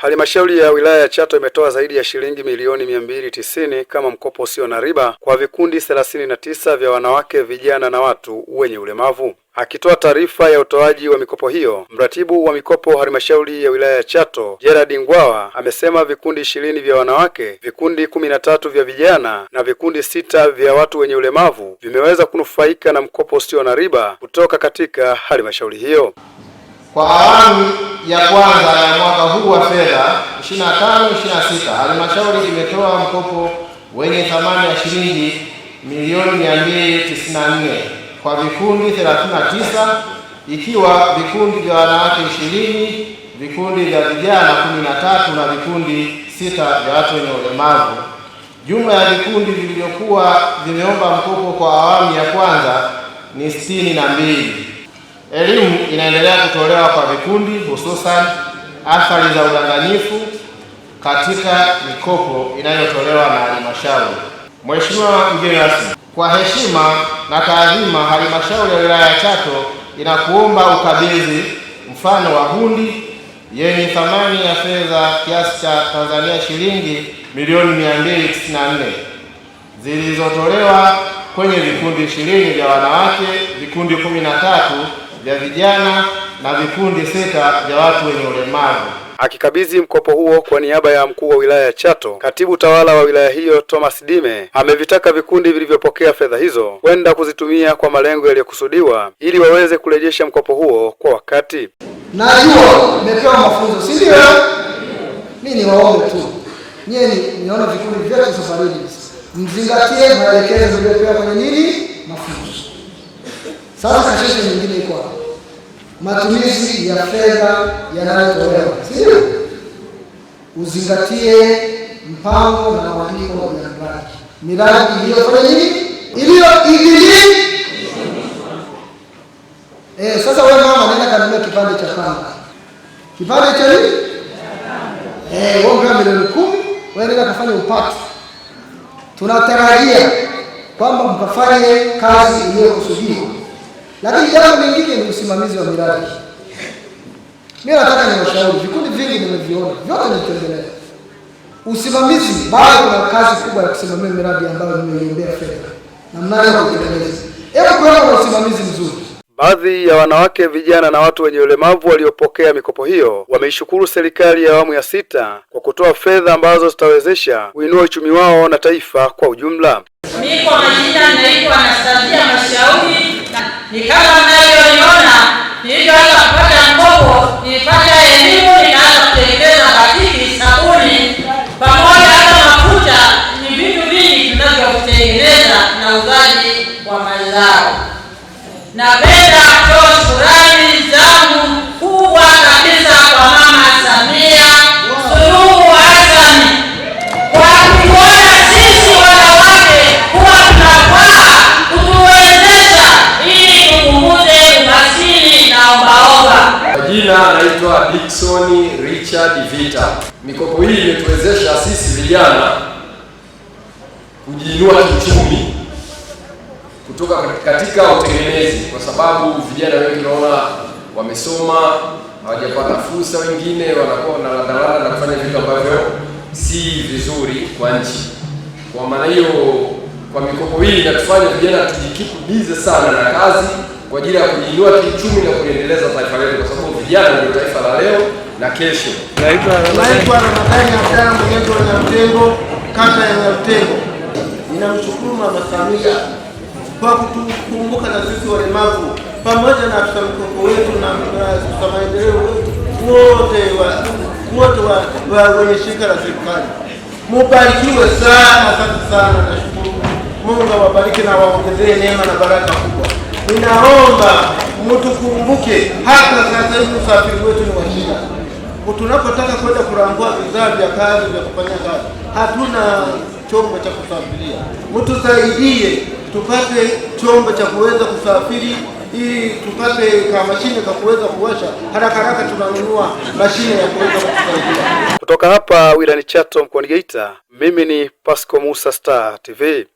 Halmashauri ya wilaya ya Chato imetoa zaidi ya shilingi milioni mia mbili tisini kama mkopo usio na riba kwa vikundi thelathini na tisa vya wanawake, vijana na watu wenye ulemavu. Akitoa taarifa ya utoaji wa mikopo hiyo, mratibu wa mikopo halmashauri ya wilaya ya Chato Gerard Ngwawa amesema vikundi ishirini vya wanawake, vikundi kumi na tatu vya vijana na vikundi sita vya watu wenye ulemavu vimeweza kunufaika na mkopo usio na riba kutoka katika halmashauri hiyo kwa ya kwanza ya mwaka huu wa fedha 25 26 halmashauri imetoa mkopo wenye thamani ya shilingi milioni 294 kwa vikundi 39 ikiwa vikundi vya wanawake 20, vikundi vya vijana 13 na vikundi sita vya watu wenye ulemavu. Jumla ya vikundi vilivyokuwa vimeomba mkopo kwa awamu ya kwanza ni 62 mbili. Elimu inaendelea kutolewa kwa vikundi, hususan athari za udanganyifu katika mikopo inayotolewa na halmashauri. Mheshimiwa mgeni rasmi, kwa heshima na taadhima, halmashauri ya wilaya ya Chato inakuomba ukabidhi mfano wa hundi yenye thamani ya fedha kiasi cha Tanzania shilingi milioni 294 zilizotolewa kwenye vikundi ishirini vya wanawake, vikundi kumi na tatu vya vijana na vikundi sita vya watu wenye ulemavu. Akikabidhi mkopo huo kwa niaba ya mkuu wa wilaya ya Chato, katibu tawala wa wilaya hiyo Thomas Dime amevitaka vikundi vilivyopokea fedha hizo kwenda kuzitumia kwa malengo yaliyokusudiwa ili waweze kurejesha mkopo huo kwa wakati. Najua nimepewa mafunzo, si ndio? Mimi ni waombe tu nyie, niona vikundi vyetu safari hii mzingatie maelekezo yaliyopewa kwenye nini mafunzo. Sasa matumizi ya fedha yanayotolewa, sio uzingatie mpango na maandiko ya miradi, miradi iliyofanya nini, iliyoidhinishwa. Eh, sasa wewe mama, nenda kanunua kipande cha panga, kipande cha nini, eh, wewe ungewa milioni kumi, wewe nenda kafanya upatu. Tunatarajia kwamba mkafanye kazi iliyokusudiwa. Lakini jambo lingine ni usimamizi wa miradi. Mimi nataka ni washauri vikundi vingi nimeviona, vyote nitembelea Usimamizi bado na kazi kubwa ya kusimamia miradi ambayo nimeiombea fedha na mnaweza kutekeleza. Hebu kuona na usimamizi mzuri. Baadhi ya wanawake, vijana na watu wenye ulemavu waliopokea mikopo hiyo wameishukuru serikali ya awamu ya sita kwa kutoa fedha ambazo zitawezesha kuinua uchumi wao na taifa kwa ujumla. Mimi kwa majina naitwa Anastasia 你看。Richard Vita. Mikopo hii imetuwezesha sisi vijana kujiinua kiuchumi kutoka katika utegemezi, kwa sababu vijana wengi naona wamesoma hawajapata fursa, wengine wanakuwa wanaladalada na kufanya vitu ambavyo si vizuri kwa nchi. Kwa maana hiyo, kwa mikopo hii inatufanya vijana bize sana na kazi kwa ajili ya kujiinua kiuchumi na kuendeleza taifa letu, kwa sababu vijana ndio taifa la leo na kesho. Naitwa Ramadhani Abdalla mwenyeji wa Nyarutengo, kata ya Nyarutengo. Ninamshukuru Mama Samia kwa kutukumbuka na sisi walemavu pamoja na afisa mkopo wetu na afisa maendeleo wote wote wenye shirika la serikali, mubarikiwe sana. Asante sana, nashukuru Mungu awabariki na waongezee neema na baraka kubwa. Ninaomba mtukumbuke hata sasa hivi, usafiri wetu ni wa shida tunapotaka kwenda kurambua vizaa vya kazi vya kufanya kazi, hatuna chombo cha kusafiria. Mtusaidie tupate chombo cha kuweza kusafiri ili tupate ka mashine ka kuweza kuwasha haraka haraka, tunanunua mashine ya kuweza kusafiria. Kutoka hapa wilayani Chato mkoani Geita, mimi ni Pasco Musa, Star TV.